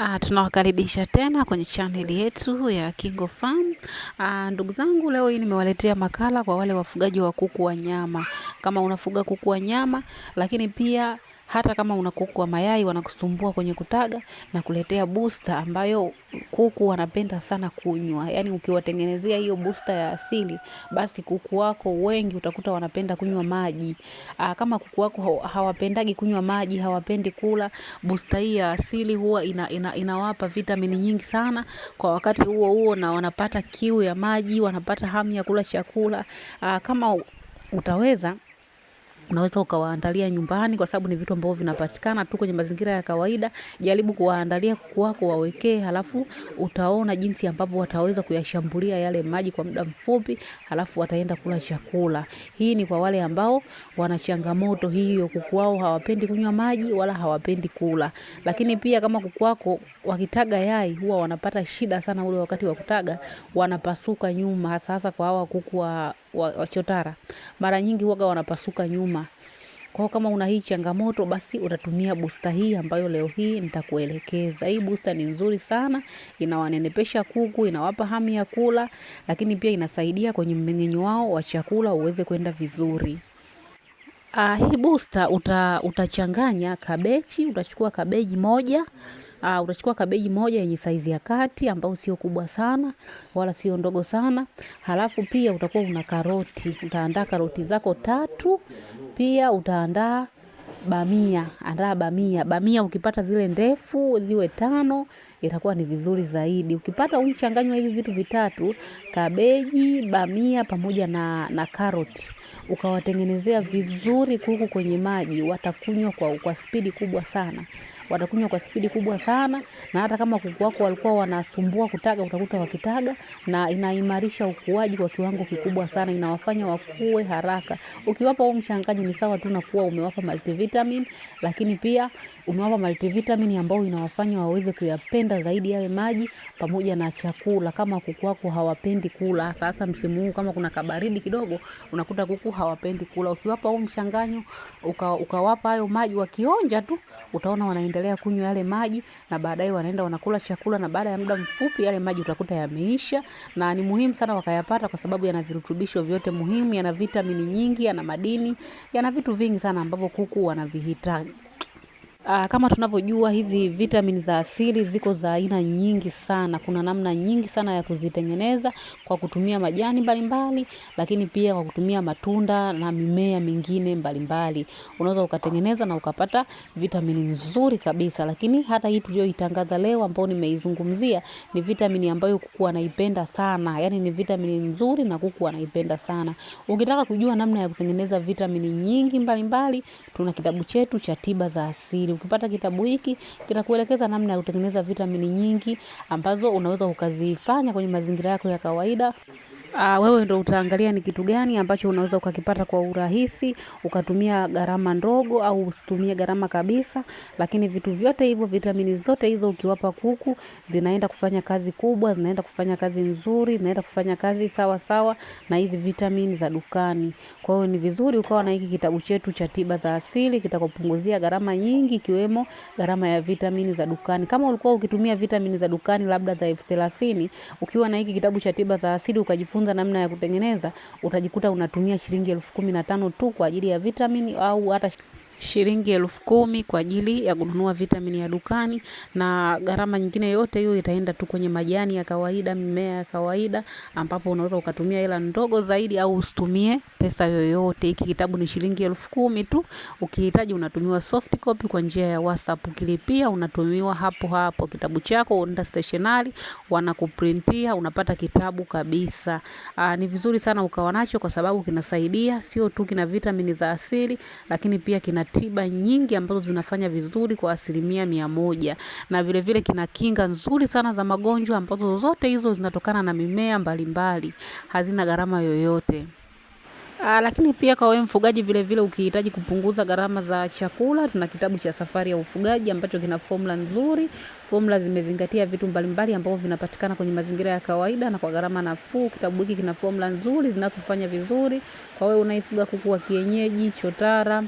Ah, tunawakaribisha tena kwenye chaneli yetu ya Kingo Farm. Ah, ndugu zangu, leo hii nimewaletea makala kwa wale wafugaji wa kuku wa nyama. Kama unafuga kuku wa nyama, lakini pia hata kama una kuku wa mayai wanakusumbua kwenye kutaga na kuletea booster ambayo kuku wanapenda sana kunywa. Yaani ukiwatengenezea hiyo booster ya asili, basi kuku wako wengi utakuta wanapenda kunywa maji. Aa, ah, kama kuku wako hawapendagi kunywa maji, hawapendi kula, booster hii ya asili huwa ina, ina, inawapa vitamini nyingi sana kwa wakati huo huo na wanapata kiu ya maji, wanapata hamu ya kula chakula. Aa, ah, kama utaweza unaweza ukawaandalia nyumbani, kwa sababu ni vitu ambavyo vinapatikana tu kwenye mazingira ya kawaida. Jaribu kuwaandalia kuku wako, wawekee, halafu utaona jinsi ambavyo wataweza kuyashambulia yale maji kwa muda mfupi, halafu wataenda kula chakula. Hii ni kwa wale ambao wana changamoto hiyo, kuku wao hawapendi kunywa maji wala hawapendi kula. Lakini pia kama kuku wako wakitaga yai, huwa wanapata shida sana ule wakati wa kutaga, wanapasuka nyuma, hasa hasa kwa hawa kuku wa wa, wa chotara mara nyingi huaga wanapasuka nyuma. Kwa hiyo kama una hii changamoto, basi utatumia booster hii ambayo leo hii nitakuelekeza. Hii booster ni nzuri sana, inawanenepesha kuku, inawapa hamu ya kula, lakini pia inasaidia kwenye mmeng'enyo wao wa chakula uweze kwenda vizuri. Ah, hii booster uta, utachanganya kabeji, utachukua kabeji moja Uh, utachukua kabeji moja yenye saizi ya kati ambayo sio kubwa sana wala sio ndogo sana. Halafu pia utakuwa una karoti, utaandaa karoti zako tatu. Pia utaandaa bamia, andaa bamia. Bamia ukipata zile ndefu ziwe tano, itakuwa ni vizuri zaidi. Ukipata umchanganywa hivi vitu vitatu, kabeji, bamia pamoja na, na karoti ukawatengenezea vizuri kuku kwenye maji, watakunywa kwa, kwa spidi kubwa sana watakunywa kwa spidi kubwa sana, na hata kama kuku wako walikuwa wanasumbua kutaga, utakuta wakitaga, na inaimarisha ukuaji kwa kiwango kikubwa sana, inawafanya wakue haraka. Ukiwapa huu mchanganyo, ni sawa tu na kuwa umewapa multivitamin, lakini pia umewapa multivitamin ambao inawafanya waweze kuyapenda zaidi yale maji pamoja na chakula. Kama kuku wako hawapendi kula, sasa msimu huu kama kuna kabaridi kidogo, unakuta kuku hawapendi kula, ukiwapa huu mchanganyo ukawapa uka hayo maji, wakionja tu utaona wanaenda wanaendelea kunywa yale maji na baadaye wanaenda wanakula chakula, na baada ya muda mfupi yale maji utakuta yameisha, na ni muhimu sana wakayapata kwa sababu yana virutubisho vyote muhimu, yana vitamini nyingi, yana madini, yana vitu vingi sana ambavyo kuku wanavihitaji. Ah, kama tunavyojua hizi vitamini za asili ziko za aina nyingi sana. Kuna namna nyingi sana ya kuzitengeneza kwa kutumia majani mbalimbali, mbali, lakini pia kwa kutumia matunda na mimea mingine mbalimbali. Unaweza ukatengeneza na ukapata vitamini nzuri kabisa. Lakini hata hii tuliyoitangaza leo ambayo nimeizungumzia ni vitamini ambayo kuku anaipenda sana. Yaani ni vitamini nzuri na kuku anaipenda sana. Ukitaka kujua namna ya kutengeneza vitamini nyingi mbalimbali, mbali, tuna kitabu chetu cha tiba za asili. Ukipata kitabu hiki kitakuelekeza namna ya kutengeneza vitamini nyingi ambazo unaweza ukazifanya kwenye mazingira yako ya kawaida uh, wewe ndo utaangalia ni kitu gani ambacho unaweza ukakipata kwa urahisi, ukatumia gharama ndogo au usitumie gharama kabisa. Lakini vitu vyote hivyo, vitamini zote hizo ukiwapa kuku, zinaenda kufanya kazi kubwa, zinaenda kufanya kazi nzuri, zinaenda kufanya kazi sawa sawa na hizi vitamini za dukani. Kwa hiyo ni vizuri ukawa na hiki kitabu chetu cha tiba za asili, kitakupunguzia gharama nyingi, ikiwemo gharama ya vitamini za dukani. Kama ulikuwa ukitumia vitamini za dukani labda za elfu thelathini, ukiwa na hiki kitabu cha tiba za asili ukajifunza kujifunza namna ya kutengeneza, utajikuta unatumia shilingi elfu kumi na tano tu kwa ajili ya vitamini au hata shilingi elfu kumi kwa ajili ya kununua vitamini ya dukani, na gharama nyingine yote hiyo itaenda tu kwenye majani ya kawaida, mimea ya kawaida, ambapo unaweza ukatumia hela ndogo zaidi au usitumie pesa yoyote. Hiki kitabu ni shilingi elfu kumi tu. Ukihitaji unatumiwa soft copy kwa njia ya WhatsApp, ukilipia unatumiwa hapo hapo kitabu chako, unaenda stationery wanakuprintia, unapata kitabu kabisa. Aa, ah, ni vizuri sana ukawa nacho kwa sababu kinasaidia, sio tu kina vitamini za asili, lakini pia kina tiba nyingi ambazo zinafanya vizuri kwa asilimia mia moja, na vile vile kina kinga nzuri sana za magonjwa ambazo zote hizo zinatokana na mimea mbalimbali, mbali, hazina gharama yoyote. Aa, ah, lakini pia kwa wewe mfugaji vile vile ukihitaji kupunguza gharama za chakula, tuna kitabu cha Safari ya Ufugaji ambacho kina formula nzuri. Formula zimezingatia vitu mbalimbali ambavyo vinapatikana kwenye mazingira ya kawaida na kwa gharama nafuu. Kitabu hiki kina formula nzuri zinazofanya vizuri kwa wewe unaifuga kuku wa kienyeji, chotara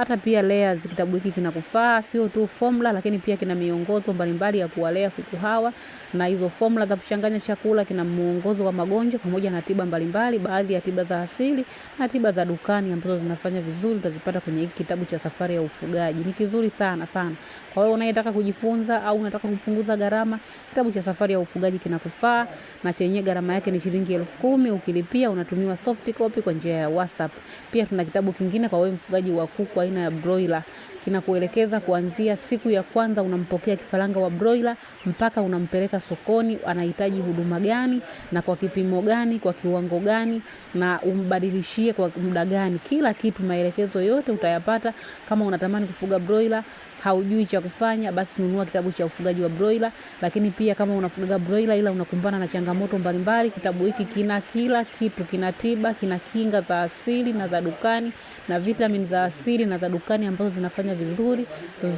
hata pia layers, kitabu hiki kinakufaa sio tu formula, lakini pia kina miongozo mbalimbali ya kuwalea kuku hawa na hizo formula za kuchanganya chakula, kina muongozo wa magonjwa pamoja na tiba mbalimbali, baadhi ya tiba za asili na tiba za dukani ambazo zinafanya vizuri, utazipata kwenye hiki kitabu cha Safari ya Ufugaji. Ni kizuri sana sana. Kwa hiyo unayetaka kujifunza au unataka kupunguza gharama, kitabu cha Safari ya Ufugaji kinakufaa na chenye gharama yake ni shilingi elfu kumi. Ukilipia unatumiwa soft copy kwa njia ya WhatsApp. Pia tuna kitabu kingine kwa wewe mfugaji wa kuku aina ya broiler kinakuelekeza kuanzia siku ya kwanza unampokea kifaranga wa broiler mpaka unampeleka sokoni, anahitaji huduma gani na kwa kipimo gani, kwa kiwango gani, na umbadilishie kwa muda gani. Kila kitu, maelekezo yote utayapata kama unatamani kufuga broiler haujui cha kufanya, basi nunua kitabu cha ufugaji wa broiler. Lakini pia kama unafuga broiler ila unakumbana na changamoto mbalimbali, kitabu hiki kina kila kitu, kina tiba, kina kinga za asili na za dukani na vitamini za asili na za dukani ambazo zinafanya vizuri,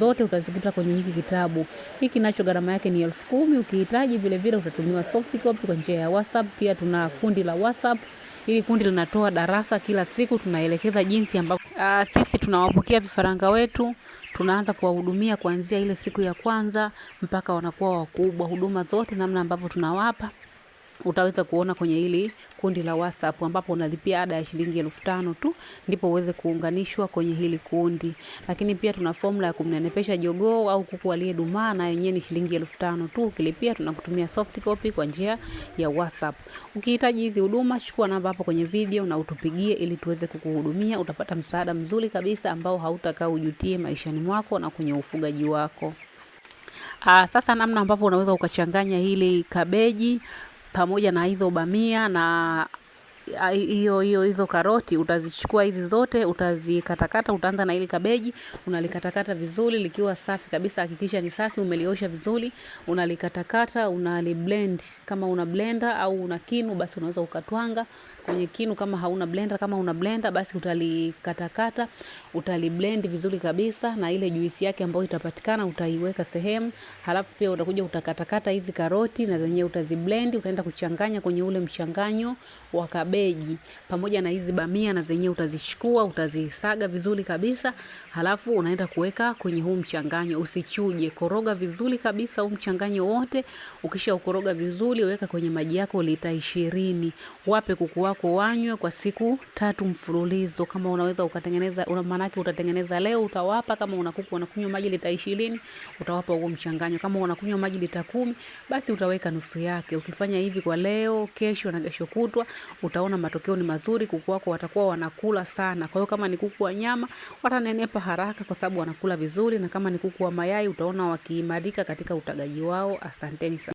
zote utazikuta kwenye hiki kitabu hiki, nacho gharama yake ni elfu kumi. Ukihitaji vile vile utatumiwa soft copy kwa njia ya WhatsApp. Pia tuna kundi la WhatsApp Hili kundi linatoa darasa kila siku, tunaelekeza jinsi ambavyo uh, sisi tunawapokea vifaranga wetu, tunaanza kuwahudumia kuanzia ile siku ya kwanza mpaka wanakuwa wakubwa, huduma zote namna ambavyo tunawapa utaweza kuona kwenye hili kundi la WhatsApp ambapo unalipia ada ya shilingi elfu tano tu ndipo uweze kuunganishwa kwenye hili kundi. Lakini pia tuna formula ya kumnenepesha jogoo au kuku aliyedumaa na yenyewe ni shilingi elfu tano tu. Ukilipia tunakutumia soft copy kwa njia ya WhatsApp. Ukihitaji hizi huduma, chukua namba hapo kwenye video na utupigie ili tuweze kukuhudumia. Utapata msaada mzuri kabisa ambao hautakaa ujutie maishani mwako na kwenye ufugaji wako. Aa, ah, sasa namna ambavyo unaweza ukachanganya hili kabeji pamoja na hizo bamia na hiyo hiyo hizo karoti utazichukua hizi zote utazikatakata. Utaanza na ile kabeji, unalikatakata vizuri likiwa safi kabisa. Hakikisha ni safi, umeliosha vizuri, unalikatakata unaliblend. Kama una blender au una kinu, basi unaweza ukatwanga kwenye kinu. Kama hauna blender, kama una blender, basi utalikatakata utaliblend vizuri kabisa, na ile juisi yake ambayo itapatikana utaiweka sehemu. Halafu pia utakuja utakatakata hizi karoti na zenyewe utaziblend, utaenda kuchanganya kwenye ule mchanganyo wa kabeji kabeji pamoja na hizi bamia, na zenyewe utazishukua utazisaga vizuri kabisa, halafu unaenda kuweka kwenye huu mchanganyo. Usichuje, koroga vizuri kabisa huu mchanganyo wote. Ukisha ukoroga vizuri, weka kwenye maji yako lita ishirini. Wape kuku wako wanywe kwa siku tatu mfululizo. Kama unaweza ukatengeneza, una yake utatengeneza leo utawapa. Kama una kuku wanakunywa maji lita ishirini, utawapa huo mchanganyo. Kama wanakunywa maji lita kumi, basi utaweka nusu yake. Ukifanya hivi kwa leo, kesho na kesho kutwa uta wataona matokeo ni mazuri, kuku wako watakuwa wanakula sana. Kwa hiyo kama ni kuku wa nyama watanenepa haraka, kwa sababu wanakula vizuri, na kama ni kuku wa mayai utaona wakiimarika katika utagaji wao. Asanteni sana.